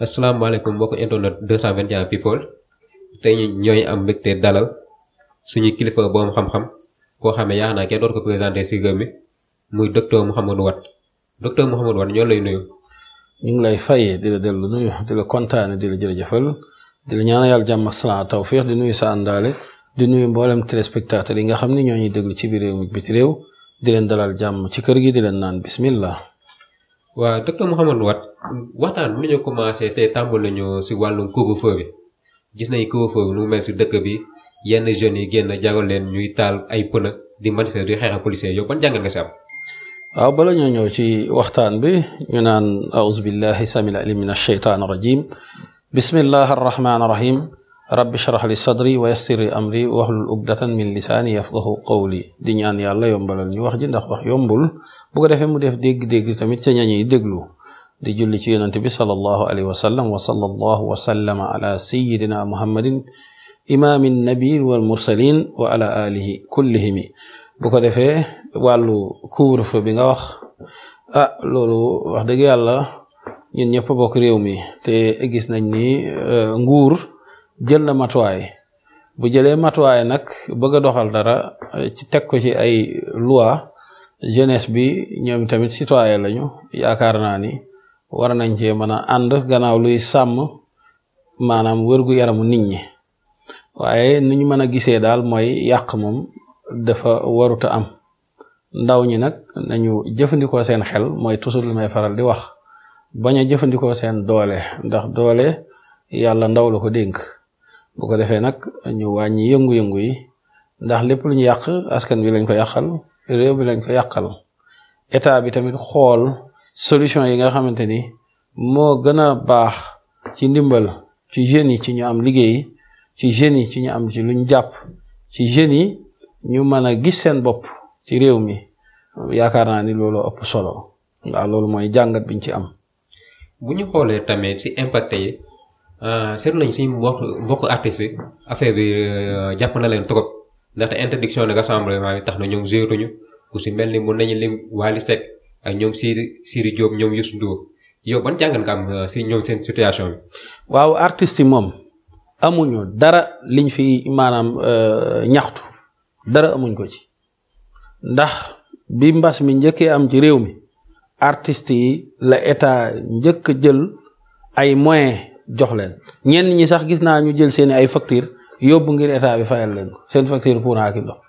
asalaamaaleykum mbokk internet 221 people tey ñooy am mbégte dalal suñu kilifa boobu xam-xam koo xamee yaakaar naa kenn dootu ko présenté si réew mi muy docteur Mouhamadou Watt docteur Mouhamadou Watt ñoo lay nuyu. ñu ngi lay fay di la dellu nuyu di la kontaane di la jërëjëfal di la ñaanal yàlla jàmm ak salaam tawfiix di nuyu sa àndaale di nuyu mboolem téléspectateur yi nga xam ne ñoo ñuy déglu ci biir réew mi biti réew di leen dalal jàmm ci kër gi di leen naan bismillah. waa waxtaan bi ñu commencé tey tàmbali nañu si wàllum couvre-feu bi gis nañu couvre-feu nu mel si dëkk bi yenn jeunes yi génn jagal leen ñuy taal ay pneu di manifester di xeex ak policiers jàngal nga si am. waaw bala ñëw ci waxtaan bi ñu naan auzu billahi samil alim min ashaytaan rajim bismillahi arrahmaan arrahim rabbi shrah li sadri wa yassir li amri wahlul ugdatan min lisaani yafqahu qawli di ñaan yàlla yombalal ñu wax ji ndax wax yombul bu ko defee mu def dégg-dégg tamit ca ñañuy déglu di julli ci yonent bi sallallahu alayhi wa sallam wa sallallahu wa sallama ala sayyidina muhammadin imaamin nabiin wal wa ala alihi kullihimi bu ko defee wàllu couvre-feu bi nga wax a ah, loolu wax dëgg yàlla ñun ñëpp bokk réew mi te gis nañ ni euh, nguur jël na matuwaay bu jëlee matuwaay nag bëgg a doxal dara ci teg ko ci ay loi jeunesse bi ñoom tamit citoyen lañu yaakaar naa ni war nañ cee mën a ànd gannaaw luy sàmm maanaam wërgu yaramu nit ñi waaye nu ñu mën a gisee daal mooy yàq moom dafa waruta am ndaw ñi nag nañu jëfandikoo seen xel mooy toujours li may faral di wax bañ a jëfandikoo seen doole ndax doole yàlla ndaw la ko dénk bu ko defee nag ñu wàññi yëngu-yëngu yi ndax lépp lu ñu yàq askan bi lañ ko yàqal réew bi lañ ko yàqal état bi tamit xool solution yi nga xamante ni moo gën a baax ci ndimbal ci jeunes yi ci ñu am liggéey ci jeunes yi ci ñu am ci luñ jàpp ci jeunes yi ñu mën a gis seen bopp ci réew mi yaakaar naa ni loolu ëpp solo waaw loolu mooy jàngat biñ ci am. bu ñu xoolee tamit si impact yi euh, seetlu nañ si mbokk mbokk artiste affaire yi euh, jàpp na leen trop ndaxte interdiction de rassemblement yi tax na ñoom géruñu ku si mel ni mën nañu lim Wally ay ñoom Siri Siri Diop ñoom Youssou Ndour yow ban jàngat nga euh, si ñoom seen situation waaw artistes yi moom amuñu dara liñ fi maanaam euh, ñaxtu dara amuñ ko ci ndax bi mbas mi njëkkee am ci réew mi artistes yi la état njëkk jël ay moyens jox leen ñenn ñi sax gis naa ñu jël seeni ay facture yóbbu ngir état bi fayal leen seen facture courant ak ndox.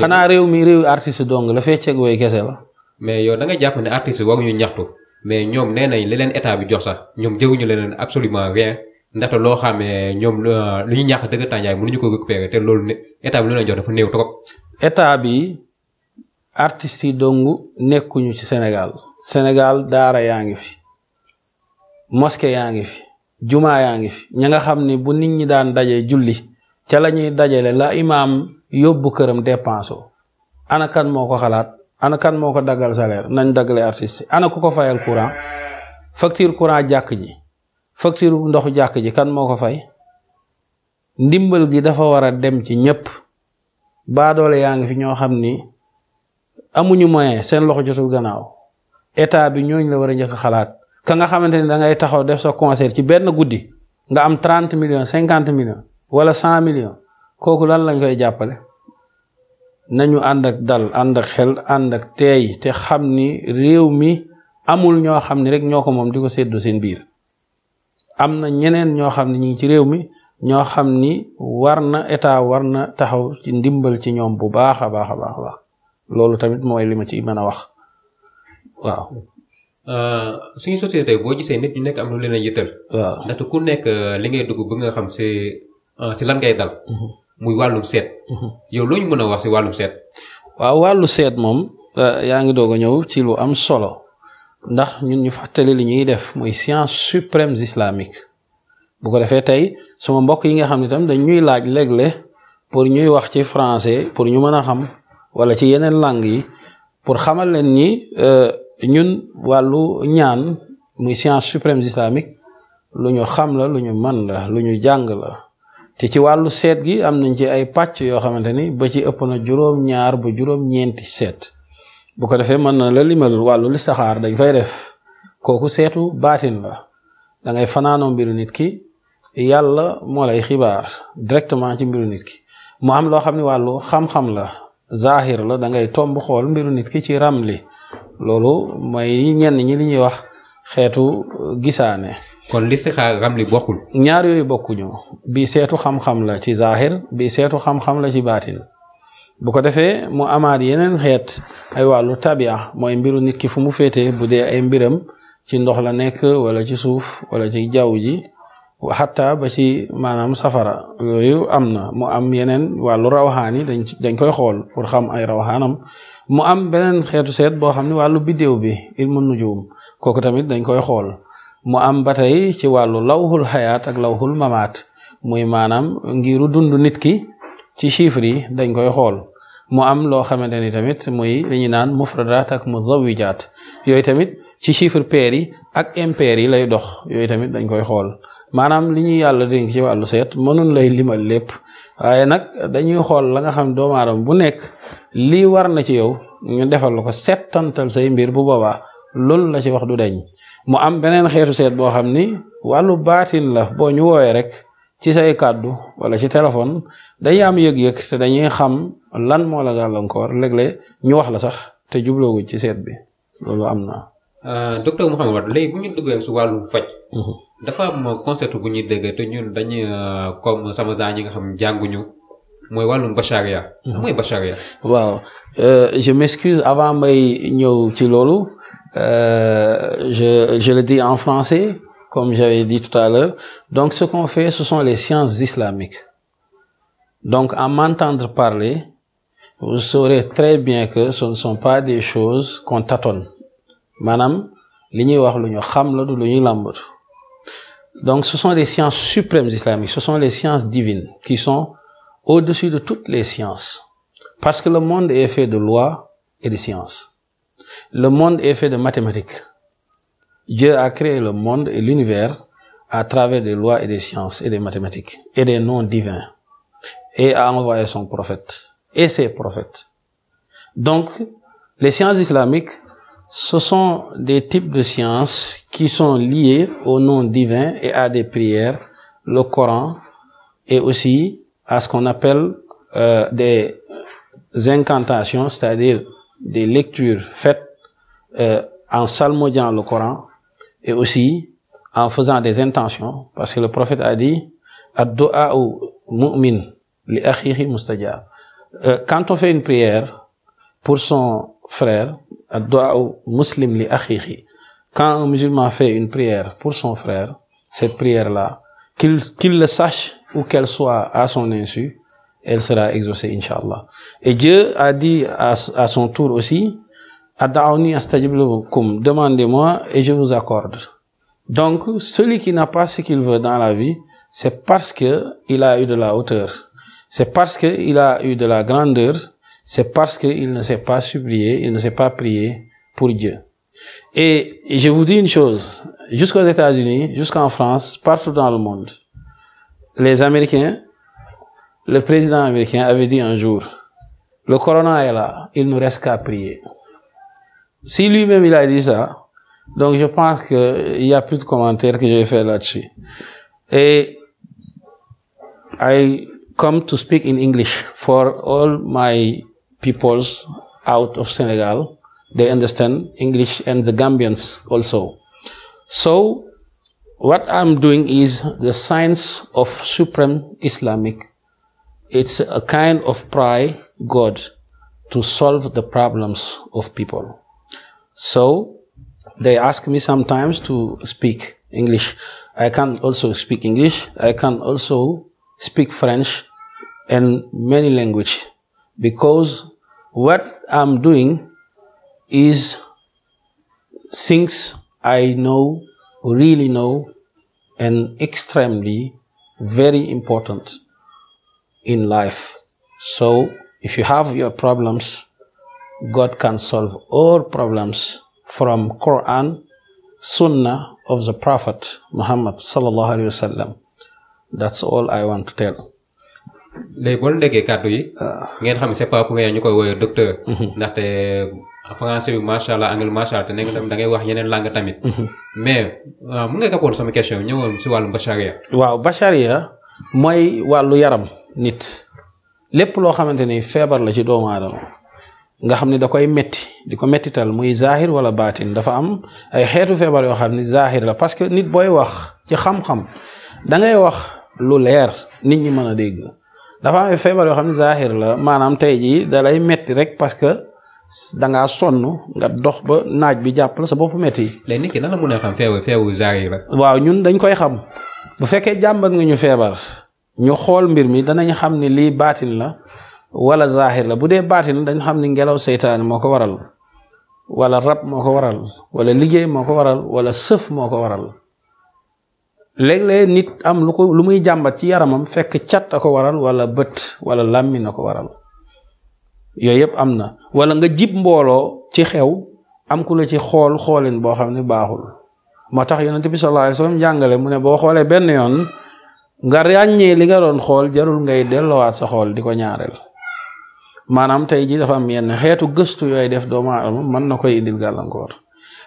xanaa réew mi réew artiste dong la fecceeg woy kese la. mais yow da nga jàpp ne artistes yi waruñu ñaxtu mais ñoom nee nañ li leen état bi jox sax ñoom jëruñu leen absolument rien ndaxte loo xam ne ñoom lu ñu ñàkk dëgg tànjaay mënuñu ko récupérer te loolu ne état bi lu leen jox dafa néew trop. état bi artistes yi dong nekkuñu ci Sénégal Sénégal daara yaa ngi fi mosquée yaa ngi fi jumaa yaa ngi fi ña nga xam ni bu nit ñi daan dajee julli ca la ñuy dajale la imaam yóbbu këram dépensé ana moo ko xalaat. ana kan moo ko daggal salaire nañ daggale artiste ana ku ko fayal courant facture courant jàkk ji facture ndoxu jàkk ji kan moo ko fay ndimbal gi dafa war a dem ci ñépp baadoole yaa ngi fi ñoo xam ni amuñu moyen seen loxo jotul gannaaw état bi ñooñu la war a njëkk xalaat ka nga xamante ni da taxaw def sa concert ci benn guddi nga am trente million cinquante millions wala cent million kooku lan lañ koy jàppale. nañu ànd ak dal ànd xel àndak teey te xam ni réew mi amul ñoo xam ni rek ñoo ko moom di ko séddoo seen biir am na ñeneen ñoo xam ne ñu ngi ci réew mi ñoo xam ni war na état war na taxaw ci ndimbal ci ñoom bu baax a baax a baax loolu tamit mooy li ma ci mën a wax waaw. Euh, suñu société boo gisee nit ñu nekk am lu leen a yëtal. ku nekk euh, li ngay dugg ba nga xam si euh, si lan ngay dal. Mm-hmm. muy wàllu seet. Mhm. yow lu ñu mën a wax si wàllu seet. waaw wàllu seet moom euh, yaa ngi doog a ñëw ci lu am solo ndax ñun ñu fàttali li ñuy def muy science suprême islamique bu ko defee tey sama mbokk yi nga xam ne tam dañ ñuy laaj léeg-léeg pour ñuy wax ci français pour ñu mën a xam wala ci yeneen langue yi pour xamal leen ni euh, ñun wàllu ñaan muy science suprême islamique lu ñu xam la lu ñu man la lu ñu jàng la. te ci wàllu seet gi am nañ ci ay pàcc yoo xamante ni ba ci ëpp na juróom-ñaar ba juróom-ñeenti seet bu ko defee mën na la limal wàllu listixaar dañ koy def kooku seetu baatin la da ngay fanaanoo mbiru nit ki yàlla moo lay xibaar directement ci mbiru nit ki mu am loo xam ne wàllu xam-xam la zaxir la da ngay tomb xool mbiru nit ki ci ram li loolu mooy ñenn ñi li ñuy wax xeetu gisaane kon listixaar ramli bokkul. ñaar yooyu bokkuñu bi seetu xam-xam la ci zaahir bi seetu xam-xam la ci baatin bu ko defee mu amaat yeneen xeet ay wàllu tabia mooy mbiru nit ki fu mu féete bu dee ay mbiram ci ndox la nekk wala ci suuf wala ci jaww ji xatta ba ci maanaam safara yooyu am na mu am yeneen wàllu rawaxaan yi dañ dañ koy xool pour xam ay rawaxaanam mu am beneen xeetu seet boo xam ne wàllu biddéew bi ilmu nujum kooku tamit dañ koy xool mu am ba tey ci wàllu lawhul xayaat ak lawhul mamaat muy maanaam ngiru dund nit ki ci chiffres yi dañ koy xool mu am loo xamante ni tamit muy li ñu naan mufradaat ak muzawijaat yooyu tamit ci chiffre pair yi ak impair yi lay dox yooyu tamit dañ koy xool maanaam li ñuy yàlla dénk ci wàllu seet mënun lay limal lépp waaye nag dañuy xool la nga xam doomu aadama bu nekk lii war na ci yow ñu defal la ko settantal say mbir bu boobaa loolu la ci wax du deñ mu am beneen xeetu seet boo xam ni wàllu baatin la boo ñu woowee rek ci say kàddu wala ci téléphone dañuy am yëg-yëg te dañuy xam lan moo la gàllankoor léeg-léeg ñu wax la sax te jubloowuñ ci seet bi loolu am na. Euh, docteur Mouhamed léegi bu ñu duggee su wàllu faj. Mhm. dafa am concept bu ñuy dégg te ñun dañuy euh, comme sama daan yi nga xam jànguñu. mooy wàllum bacharia. Mhm. mooy bacharia. waaw euh, je m'excuse avant may ñëw ci loolu. Euh, je, je le en français, comme j'avais dit tout à l'heure. Donc, ce qu'on fait, ce sont les sciences islamiques. Donc, à m'entendre parler, vous saurez très bien que ce ne sont pas des choses qu'on tâtonne. Madame, donc, ce sont les sciences suprêmes islamiques, ce sont les sciences divines qui sont au-dessus de toutes les sciences. Parce que le monde est fait de lois et de sciences. Le monde est fait de mathématiques. Dieu a créé le monde et l'univers à travers des lois et des sciences et des mathématiques et des noms divins et a envoyé son prophète et ses prophètes. Donc, les sciences islamiques, ce sont des types de sciences qui sont liées au nom divin et à des prières, le Coran et aussi à ce qu'on appelle euh, des incantations, c'est-à-dire des lectures faites euh, en psalmodiant le courant et aussi en faisant des intentions, parce que le prophète a dit Ad-du'a mu'min li akhihi mustajab. Euh, quand on fait une prière pour son frère, Ad-du'a muslim li akhihi. Quand un musulman fait une prière pour son frère, cette prière-là, qu'il qu le sache ou qu'elle soit à son insu, elle sera exaucée, Inch'Allah. Et Dieu a dit à, son tour aussi, Ad'aouni astajiblukum, demandez-moi et je vous accorde. Donc, celui qui n'a pas ce qu'il veut dans la vie, c'est parce que il de la hauteur. C'est parce qu'il a eu de la grandeur. C'est parce qu'il ne s'est pas supplié, il ne s'est pas prié pour Dieu. Et je vous dis une chose, jusqu'aux États-Unis, jusqu'en France, partout dans le monde, les Américains, Le président américain avait dit un jour, le corona est là, il nous reste qu'à prier. Si lui-même il a dit ça, donc je pense qu'il n'y a plus de commentaires que j'ai fait là-dessus. Et I come to speak in English for all my peoples out of Senegal. They understand English and the Gambians also. So what I'm doing is the science of supreme Islamic It's a kind of pry God to solve the problems of people. So they ask me sometimes to speak English. I can also speak English. I can also speak French and many language because what I'm doing is things I know, really know, and extremely very important. in life. So if you have your problems, God can solve all problems from Quran, Sunnah of the Prophet Muhammad sallallahu alaihi wasallam. That's all I want to tell. léegi boo déggee yi. Ah. ngeen xam se c'est pas pour ñu koy woowee docteur. Mm-hmm. ndaxte français bi macha allah anglais macha allah te nekk tamit da ngay wax yeneen langue tamit. Mm-hmm. mais mu ngay kapoon sama question ñëwoon si wàllu bacharia. waaw bacharia mooy wàllu yaram. nit lépp loo xamante ni feebar la ci doomu aadama nga xam ni da koy metti di ko mettital muy zahir wala baatin dafa am ay xeetu feebar yoo xam ni zahir la parce que nit booy wax ci xam-xam da ngay wax lu leer nit ñi mën a dégg dafa am feebar yoo xam ni zahir la maanaam tey jii da lay metti rek parce que dangaa sonn nga dox ba naaj bi jàpp la sa bopp metti léegi nit ki la mën a xam feewu la waaw ñun dañ koy xam bu fekkee jàmbat nga ñu feebar ñu xool mbir mi danañ xam ni lii baatin la wala zaahir la bu dee baatin dañ xam ni ngelaw seytaane moo ko waral wala rab moo ko waral wala liggéey moo ko waral walla sëf moo ko waral léeg-léeg nit am lu ko lu muy jàmbat ci yaramam fekk cat a ko waral wala bët wala làmmi na ko waral yooyu yëpp am na wala nga jib mbooloo ci xew am ku la ci xool xoolin boo xam ne baaxul moo tax yonent bi sallallahu alayhi jàngale mu ne boo xoolee benn yoon nga ràññee li nga doon xool jarul ngay dellowaat sa xool di ko ñaareel maanaam tey ji dafa am yenn xeetu gëstu yooyu def doomu aadama mën na koy indil gàllankoor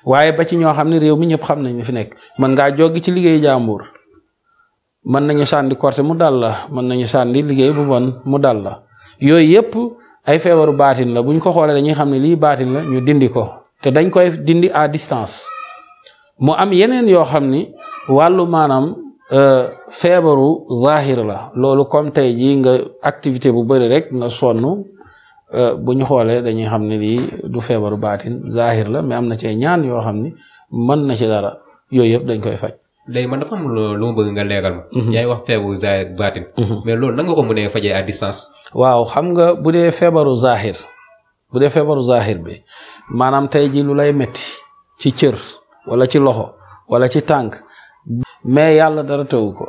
waaye ba ci ñoo xam ne réew mi ñëpp xam nañ fi nekk mën ngaa joggi ci liggéey jàmbur mën nañu sànni korte mu dal la mën nañu sànni liggéey bu bon mu dal la yooyu yëpp ay feebaru baatin la buñ ko xoolee dañuy xam ne lii baatin la ñu dindi ko te dañ koy dindi à distance mu am yeneen yoo xam ni wàllu maanaam euh, feebaru zahir la loolu comme tey jii nga activité bu bëri rek nga sonn euh, bu ñu xoolee dañuy xam ne lii du feebaru baatin zahir la mais am na cee ñaan yoo xam ni mën na ci dara yooyu yëpp dañ koy faj. léegi man dafa am ma bëgg nga leeral ma. Mhm. yaay wax feebaru zahir baatin. Mhm. loolu nan nga ko mënee fajee à distance. waaw xam nga bu dee feebaru zahir bu dee feebaru zahir bi maanaam tey jii lu lay metti ci cër walla ci loxo wala ci tànk. mais yàlla dara tëwu ko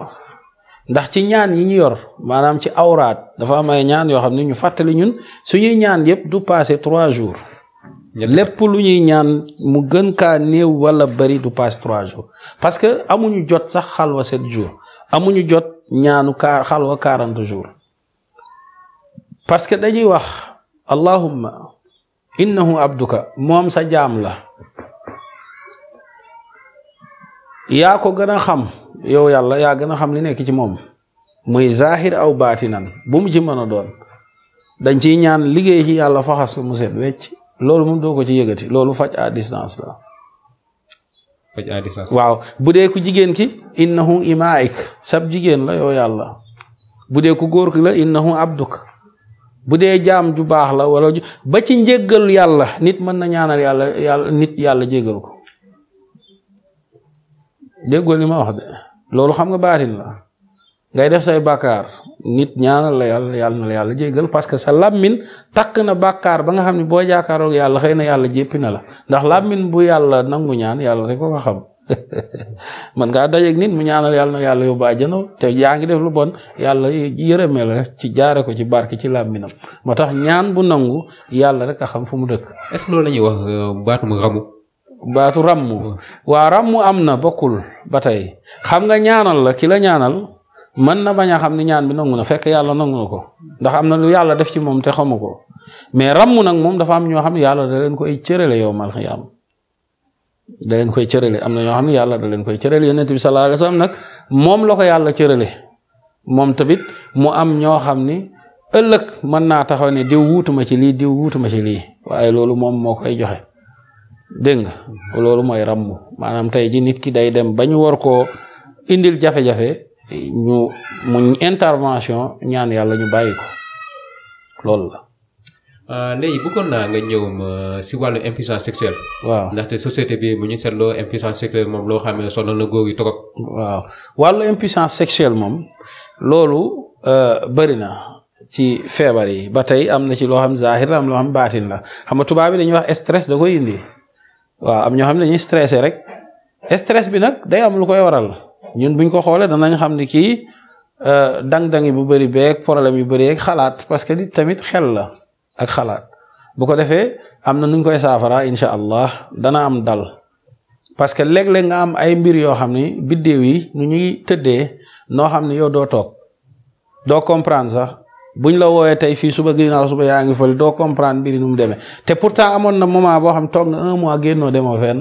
ndax ci ñaan yi ñu yor maanaam ci awraat dafa am ñaan yoo xam ne ñu fàttali ñun suñuy ñaan yépp du passé trois jours lépp lu ñuy ñaan mu gën kaa néew wala bari du passé trois jours parce que amuñu jot sax xalwa sept jours amuñu jot ñaanu kaa xalwa quarante jours parce que dañuy wax allahumma innahu abduka moom sa jaam la yaa ko gën a xam yow yàlla yaa gën a xam li nekk ci moom muy zahir aw baatinan bu mu ci mën a doon dañ ci ñaan liggéey ci yàlla faxas ko mu set wecc loolu moom doo ko ci yëgati loolu faj à distance la faj waaw bu dee ku jigéen ki innahu imaik sab jigéen la yow yàlla bu dee ku góor ki la innahu abduk bu dee jaam ju baax la wala ba ci njëgal yàlla nit mën na ñaanal yàlla yàlla nit yàlla jéggal ko déggoo li ma wax de loolu xam nga baatin la ngay def say bàkkaar nit ñaanal la yàlla yàlla na la yàlla jéggal parce que sa làmmin takk na bàkkaar ba nga xam ne boo jaakaaroog yàlla xëy na yàlla jéppi na la ndax làmmin bu yàlla nangu ñaan yàlla rek ko xam man ngaa dajeeg nit mu ñaanal yàlla na yàlla yóbbu àjjana te yaa ngi def lu bon yàlla yërëme la ci jaare ko ci barke ci làmminam moo tax ñaan bu nangu yàlla rek a xam fu mu dëkk. est-ce que loolu la ñuy wax euh, baatum ramu baatu ràmm waa ràmm am na bokkul ba tey xam nga ñaanal la ki la ñaanal mën na baña xam ni ñaan bi nangu na fekk yàlla nangu na ko ndax am na lu yàlla def ci moom te xamu ko mais rammu nag moom dafa am ñoo xam ne yàlla da leen koy cërale yow mal da leen koy cërale am na ñoo xam ne yàlla da leen koy cërale yonent bi sallallahu alayhi wasallam nag moom la ko yàlla cërale moom tamit mu am ñoo xam ni ëllëg mën naa taxaw ne diw wuutuma ci lii diw wuutuma ci lii waaye loolu moom moo koy joxe dégg nga loolu mooy ràmm maanaam tey ji nit ki day dem ba ñu war koo indil jafe-jafe ñu mu intervention ñaan yàlla ñu bàyyi ko loolu la. Euh, léegi bëggoon naa nga ñëw ma euh, si wàllu impuissance sexuelle. waaw ndaxte société bi mu ñu seetloo impuissance sexuelle moom loo xam ne sonal na góor yi trop. waaw wàllu impuissance sexuelle moom loolu euh, bëri na ci feebar yi ba tey am na ci loo xam zahir la am loo xam baatin la xam a tubaab bi dañuy wax stress da koy indi. waaw am ñoo xam ne dañuy stressé rek stress bi nag day am lu koy waral ñun buñ ko xoolee danañ xam ne kii euh, dang-dang yi bu bëri beeg problème yu bëri xalaat parce que di tamit xel la ak xalaat bu ko defee am na nuñ koy saafara incha allah dana am dal parce que léeg nga am ay mbir yoo xam ni biddéew yi nu ñuy tëddee noo xam ne yow doo toog doo comprendre sax buñ la woowee tey fii suba ginnaaw suba yaa ngi fële doo comprendre mbiri nu mu demee te pourtant amoon na moment boo xam toog nga un mois génnoo demoo fenn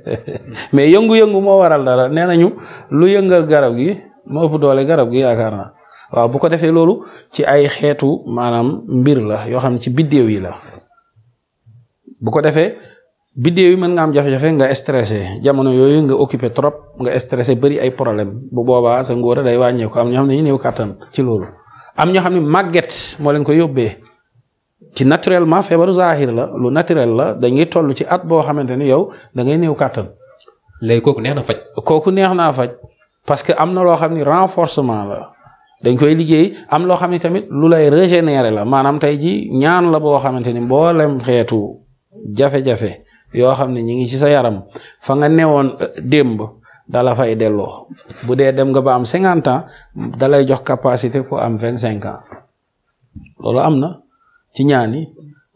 mais yëngu-yëngu moo waral dara nee nañu lu yëngal garab gi moo ëpp doole garab gi yaakaar na waaw bu ko defee loolu ci ay xeetu maanaam mbir la yoo xam ne ci biddéew yi la bu ko defee biddéew yi mën nga am jafe-jafe nga stressé jamono yooyu nga occupé trop nga stressé bëri ay problème bu boobaa sa ngóor day wàññeeku am ñoo xam ne ñu néew kàttan ci loolu am ñoo xam ne màgget moo leen koy yóbbee ci naturellement feebaru zahir la lu naturel la dañuy toll ci at boo xamante ni yow dangay ngay néew kàttan. léegi kooku neex na faj. kooku neex naa faj parce que am na loo xam ni renforcement la dañ koy liggéey am loo xam ni tamit lu lay régénérer la maanaam tey ji ñaan la boo xamante ni mboolem xeetu jafe-jafe yoo xam ne ñu ngi ci sa yaram fa nga newoon euh, démb. dala fay delloo bu dee dem nga ba am cinquante ans dalay jox capacité pour am vingt cinq ans loolu am na ci ñaani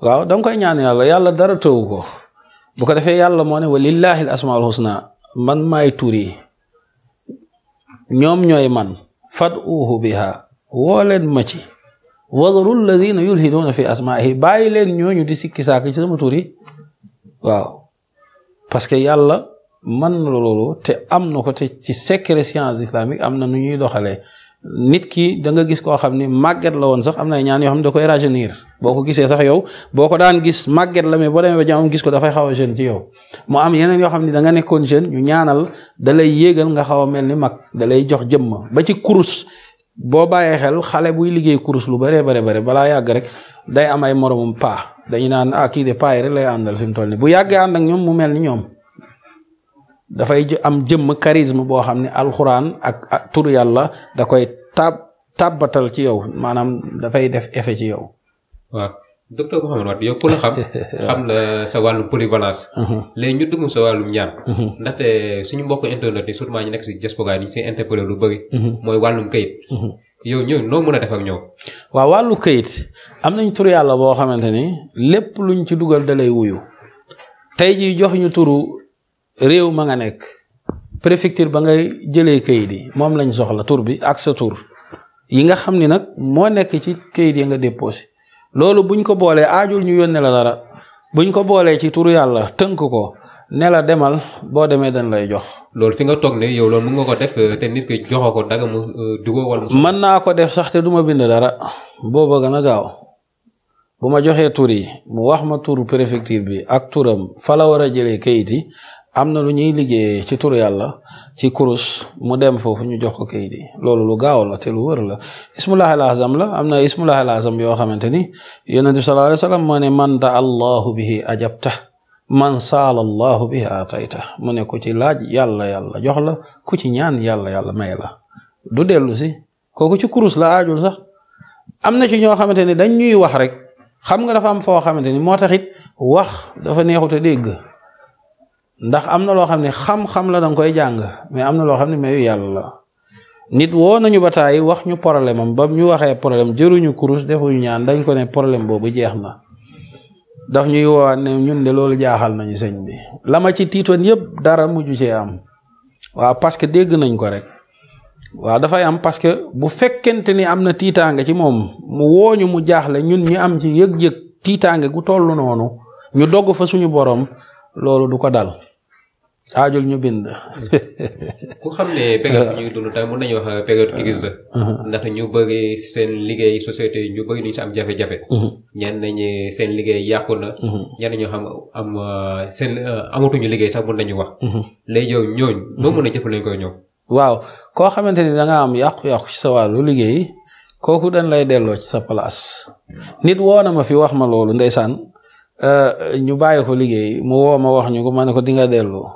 waaw da koy ñaan yàlla yàlla dara tëwu ko bu ko defee yàlla moo ne wa lillahi al asmaul husna man maay tur yi ñoom ñooy man fad uhu biha woo leen ma ci wadaru alladina yulhiduuna fi asmaihi bàyyi leen ñooñu di sikki saak ci sama tur yi waaw parce yàlla man na loolu te am na ko te ci secret science islamique am na nu ñuy doxalee nit ki da nga gis koo xam ni màgget la woon sax am na ñaan yoo xam ne da koy rajeunir boo ko gisee sax yow boo ko daan màgget la mais boo demee ba jamono gis ko dafay xaw a jeune ci yow mu am yeneen yoo xam ne da nekkoon jeune ñu ñaanal da lay yéegal nga xaw a mel ni mag da lay jox jëmm ba ci kurus boo bàyyee xel xale buy liggéey kurus lu bëree bare bare balaa yàgg rek day am ay moromum pa dañu naan ah kii de paa yi rek lay àndal fi mu toll nii bu yàggee ànd ak ñoom mu mel ni ñoom. dafay am jëmm charisme boo xam ne alxuraan ak turu yàlla da koy tab tàbbatal ci yow maanaam dafay def effet ci yow. waaw docteur Mouhamed Wade yow ku la xam. xam la sa wàllu polyvalence. Mhm. léegi ñu dugg sa wàllum ñaan. Mhm. ndaxte suñu mbokk internet yi surtout ñu nekk si diaspora lu bëri. Mhm. mooy wàllum kayit. yow ñëw noo mën a def ak ñoom. waaw wàllu kayit am nañ tur yàlla boo xamante ni lépp luñ ci dugal da wuyu tey jox ñu turu réew ma nga nekk préfecture ba ngay jëlee kayit yi moom lañ soxla tur bi ak sa tur yi nga xam ni nag moo nekk ci kayit yi nga déposé loolu buñ ko boolee aajul ñu yónnee la dara buñ ko boolee ci tur yàlla tënk ko ne la demal boo demee dañ lay jox. loolu fi nga toog ne yow loolu mën nga ko def euh, te nit ko daga mu euh, dugoo mën naa ko def sax te du bind dara booba gën a gaaw bu ma joxee tur yi mu wax ma turu préfecture bi ak turam fa la war a jëlee kayit yi am na lu ñuy liggéey ci turu yàlla ci kurus mu dem foofu ñu jox ko kayit loolu lu gaaw la te lu wër la ismullahil azam la am na ismullahil azam yoo xamante ni yonent bi sallallahu alayhi ne man da allahu bihi ajabta man saala allahu mu ne ku ci laaj yàlla yàlla jox la ku ci ñaan yàlla yàlla may la du dellu kooku ci kurus la aajul sax am na ci ñoo xamante ni dañ ñuy wax rek xam nga dafa am foo xamante ni moo taxit wax dafa neexut a dégg ndax am na loo xam ne xam-xam la danga koy jàng mais am na loo xam ne mayu yàlla la nit woo nañu ba tàyyi wax ñu problème am ba ñu waxee problème jëruñu kurus defuñu ñaan dañ ko ne problème boobu jeex na daf ñuy woowaat ne ñun de loolu jaaxal nañu sëñ bi la ma ci tiitoon yëpp dara mujj ci am waaw parce que dégg nañ ko rek waaw dafay am parce que bu fekkente ni am na tiitaange ci moom mu wooñu mu jaaxle ñun ñu am ci yëg-yëg tiitaange gu toll noonu ñu dogg fa suñu borom loolu du ko dal aajul ñu bind. ku xam ne période ñuy dund tam mën nañu wax crise la. Uh-huh. Uh-huh. ndax ñu bëri seen liggéey société ñu bëri duñu si am jafe-jafe. Uh-huh. ñenn ñi seen liggéey yàqu na. ñenn ñoo xam am uh, seen uh, amatuñu liggéey sax mën nañu wax. léegi yow ñooñu. noo mën a jëfandikoo koy ñoom. waaw koo xamante ni da nga am yàqu-yàqu ci sa wàllu liggéey kooku dañ lay delloo ci sa palaas nit woo na ma fi wax ma loolu ndeysaan uh, ñu bàyyi ko liggéey mu woo ma wax ñu ko ma ne ko di nga delloo.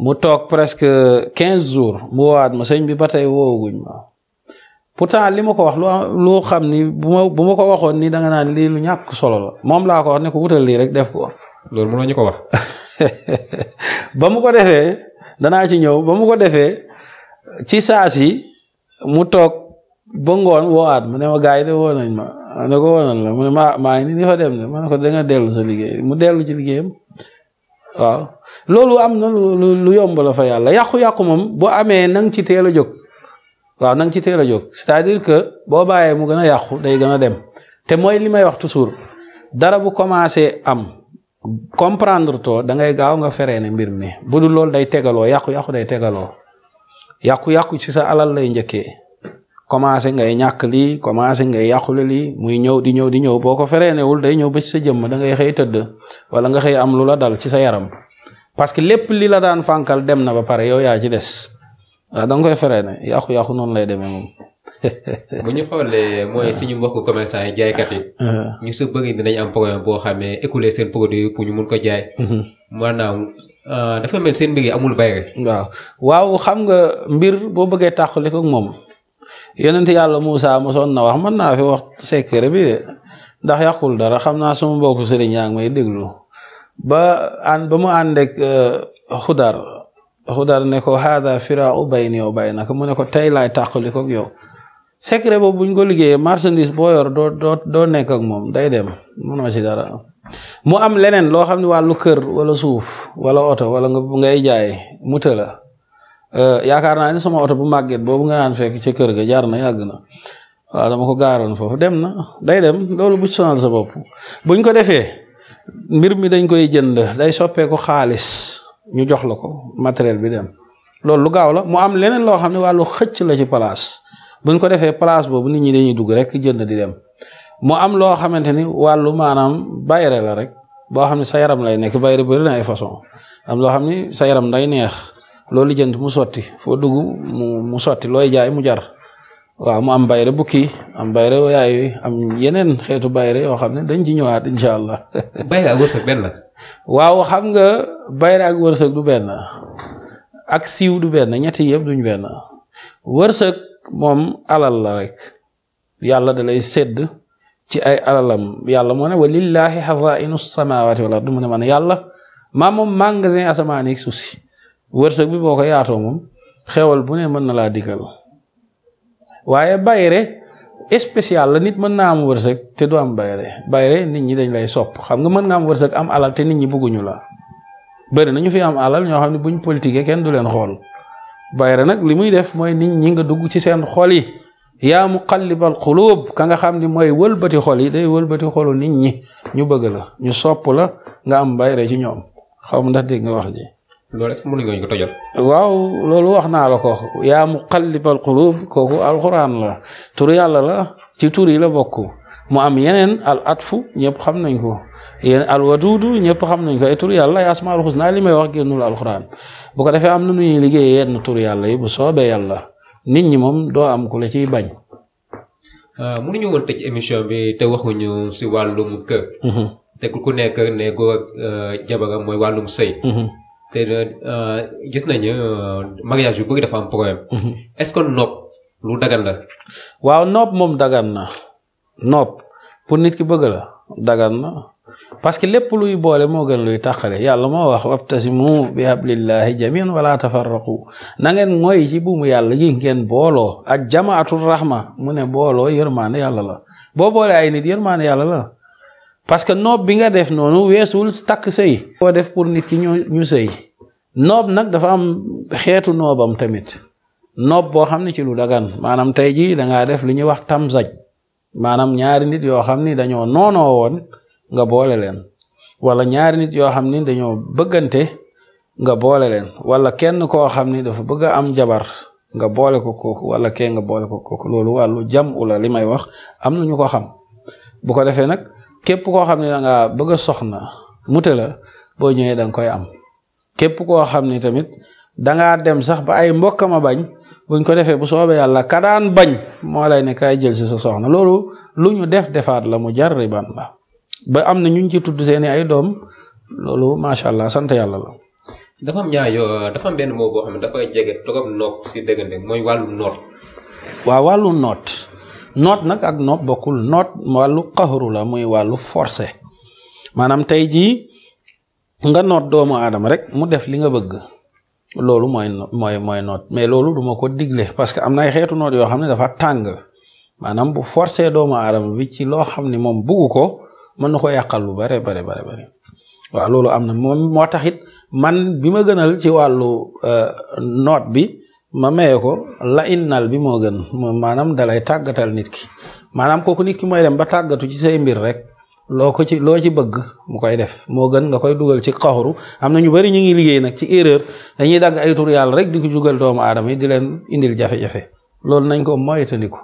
mu toog presque quinze jours mu wowaat ma sëñ bi ba tey woowaguñ ma pourtant li ma ko wax lu lu xam ni bu ma bu ma ko waxoon ni danga naan lii lu ñàkk solo la moom laa ko wax ne ko wutal lii rek def ko. loolu mënoo ñu ko wax. mu ko defee danaa ci ñëw ba mu ko defee ci saas yi mu toog ba ngoon woowaat ma ne ma gars yi de woo ma ne ko woo nañ la mu ne maa ngi nii di fa dem de ma ne ko da nga dellu sa liggéey mu dellu ci liggéey waaw loolu am na lu lu yomb la fa yàlla yàqu-yàqu moom bu amee na nga ci teel a jóg waaw na ci teel a jóg c'est-à-dire que boo bàyyee mu gën a yàqu day gën a dem te mooy li may wax toujours dara bu commencé am comprendre to da ngay gaaw nga feree ne mbir mi bu dul loolu day tegaloo yàqu-yàqu day tegaloo yàqu-yàqu ci sa alal lay njëkkee. commencé ngay ñàkk lii commencé ngay yàqule lii muy ñëw di ñëw di ñëw boo ko wul day ñëw ba ci sa jëmm da ngay xëy tëdd wala nga xëy am lu la dal ci sa yaram parce que lépp li la daan fànkal dem na ba pare yow yaa ci des waaw ah, da nga koy fereene yàqu noonu lay demee moom. bu ñu xoolee mooy suñu mbokk commerçant yi jaaykat yi. Uh-huh. ñu su bëri dinañ boo xamee écouler seen produit pour ñu mun ko jaay. Uh-huh. maanaam ah, dafa mel seen mbir yi amul bayre waaw waaw xam nga mbir boo bëggee tàqali ko moom. yonent yàlla Moussa mosoon na wax man naa fi wax secret bi ndax yàqul dara xam na suma mbokku sëriñ yaa ngi may déglu ba an ba mu ànd ak uh, xudar xudar ne ko haada firaaqu bayni wa baynaka mu ne ko tey laay tàqali koog yow secret buñ ko liggéeyee marchandise boo yor doo doo doo moom day dem mënoo ci dara mu am leneen loo xam ne wàllu kër wala suuf wala oto wala ngay jaay mu tëla Eh, yaakaar naa ni sama oto bu màgget boobu nga naan fekk ci kër ga jaar na yàgg na waaw dama ko gaaroon foofu dem na day dem loolu bu sonal sa bopp buñ ko defee mbir mi dañ koy jënd day soppeeku xaalis ñu jox la ko matériel bi dem loolu lu gaaw la mu am leneen loo xam ne wàllu xëcc la ci place buñ ko defee place boobu nit ñi dañuy dugg rek jënd di dem mu am loo xamante ni wàllu maanaam bayre la rek boo xam ne sa yaram lay nekk bayre bëri na ay façon am loo xam ni sa yaram nday neex loolu jënd mu sotti foo dugg mu sotti looy jaay mu jar waaw mu am bayre bukki am bayre yaay am yeneen xeetu bayre yoo xam ne dañ ci ñëwaat incha allah. bayre ak wërsëg waaw xam nga bayre ak wërsëg du benn ak siiw du benn ñetti yëpp duñ benn wërsëg moom alal la rek yàlla da lay sédd ci ay alalam yàlla moo ne wa lillahi xazainu samawati wal ardi mu ne man yàlla maa moom magasin asamaan yi suuf si wërsëg bi boo ko yaatoo moom xewal bu ne mën na laa dikkal waaye bayre spécial la nit mën naa am wërsëg te du am bayre nit ñi dañ lay sopp xam nga mën nga am wërsëg am alal te nit ñi bëgguñu la bëri nañu fi am alal ñoo xam ne buñ politique kenn du leen xool bayre nag li muy def mooy nit ñi nga dugg ci seen xol yi yaa muqallibal xuluub ka nga xam ni mooy wëlbati xol yi day wëlbati xolu nit ñi ñu bëgg la ñu sopp la nga am bayre ci ñoom xaw ma ndax dégg nga wax ji loolu est-ce que mënuñu ko tojal. waaw loolu wax naa la ko yaa mu muqallibal qulub kooku alxuraan la tur yàlla la ci tur yi la bokk mu am yeneen al fu ñëpp xam nañ ko yeneen al wadudu ñëpp xam nañ ko ay tur yàlla ay asmaul husna li may wax génnul alxuraan bu ko defee am na nu ñuy liggéey yenn tur yàlla yi bu soobee yàlla nit ñi moom doo am ku la ciy bañ. Euh, mënuñu woon tëj émission bi te waxuñu si wàllum kër. Mhm. te ko nekk ne góor ak euh, mooy wàllum sëy. Mhm. te eh, gis nañu eh, mariage yu bëri dafa am problème. Mhm. est-ce lu dagan la. waaw nopp moom dagan na nopp pour nit ki bëgg la dagan na parce que lépp luy boole moo gën luy tàqale yàlla moo wax wabtasimu bi hablillahi jamian walaa tafarraqu na ngeen mooy ci buumu yàlla gi ngeen booloo ak jamaatul rahma mu ne booloo yërmaane yàlla la boo boole ay nit yërmaane yàlla la. parce que noob bi nga def noonu weesul takk sëy koo def pour nit ki ñu ñu sëy noob nag dafa am xeetu noobam tamit noob boo xam ne ci lu dagan maanaam tey jii dangaa def li ñuy wax tamsaj maanaam ñaari nit yoo xam ni dañoo noonoo woon nga boole leen wala ñaari nit yoo xam ni dañoo bëggante nga boole leen wala kenn koo xam ni dafa bëgg a am jabar nga boole ko ko wala kee nga boole ko loolu wàllu jam ula li may wax am na ñu ko xam bu ko defee nag képp koo xam ne da nga bëgg a soxna mute la boo ñëwee da nga koy am képp koo xam ne tamit danga dem sax ba ay mbokkam a bañ buñ ko defee bu soobee yàlla kadaan bañ moo lay ne kaay jël si sa soxna loolu lu ñu def defaat la mu jar riban la ba am na ñu ci tudd seeni ay doom loolu macha allah sant yàlla la. dafa am ñaar dafa am boo xam ne dafa jege trop noot si dëggante mooy wàllu noot. waaw wàllu noot. noot nag ak noot bokkul noot wàllu qaxru la muy wàllu forcé maanaam tey jii nga noot doomu aadama rek mu def li nga bëgg loolu mooy mooy mooy noot mais loolu duma ko digle parce que am na ay xeetu noot yoo xam ne dafa tàng maanaam bu forcé doomu aadama bi ci loo xam ni moom bugg ko mën na ko yàqal lu bare bare bare bare waaw loolu am na moom moo taxit man bi ma gënal ci wàllu euh, noot bi ma maye ko la nal bi moo gën maanaam dalay tàggatal nit ki maanaam kooku nit ki mooy dem ba tàggatu ci say mbir rek loo ko ci loo ci bëgg mu koy def moo gën nga koy dugal ci xaxru am na ñu bari ñu ngi liggéey nag ci erreur dañuy dagg ay tur rek di ko dugal doomu aadama yi di leen indil jafe loolu nañ ko moytandiku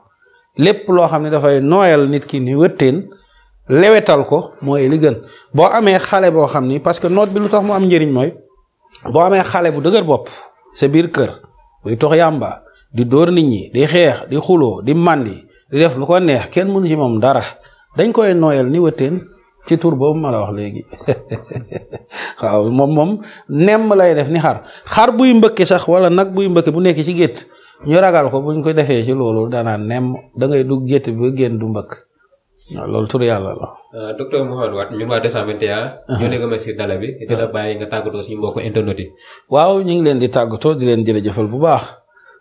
lépp loo xam ne dafay nooyal nit ki ni wëtteen lewetal ko mooy li gën boo amee xale boo xam ni parce que noot bi lu tax mu am njëriñ mooy boo amee xale bu dëgër bopp sa biir kër buy tox yàmba di door nit ñi di xeex di xuloo di màndi di def lu ko neex kenn mënu ci moom dara dañ koy nooyal ni wëteen ci tur boobu ma la wax léegi waaw moom moom nemm lay def ni xar xar buy mbëkki sax wala nag buy mbëkki bu nekk ci gétt ñu ragal ko buñ ko defee ci loolu danaa nemm da ngay gétt bi génn du mbëkk waaw loolu tur yàlla la. Ah, docteur Mouhamadou Wade ñun waa 221. ñu nekk si dala bi. di la uh-huh. bàyyi nga tàggatoo suñu mbokku internet waaw ñu ngi leen di tàggatoo di leen jëfal bu baax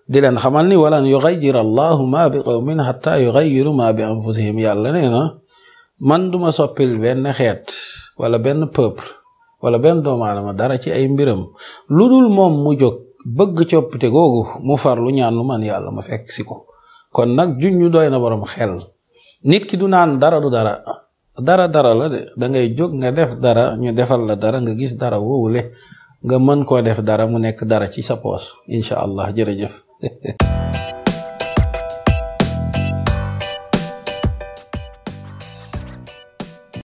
di leen xamal ni walan yuxayir allahu ma bi qawmin xata yuxayiru ma bi anfusihim yàlla nee na man duma soppil benn xeet wala benn peuple wala benn doomu aadama dara ci ay mbiram lu dul moom mu jóg bëgg coppite googu mu far lu ñaanu man yàlla ma fekk si ko kon nag juñ ñu doy na borom xel. nit ki du naan dara du dara dara dara la de da ngay jóg nga def dara ñu defal la dara nga gis dara woowule nga mën koo def dara mu nekk dara ci sa poos incha allah jërëjëf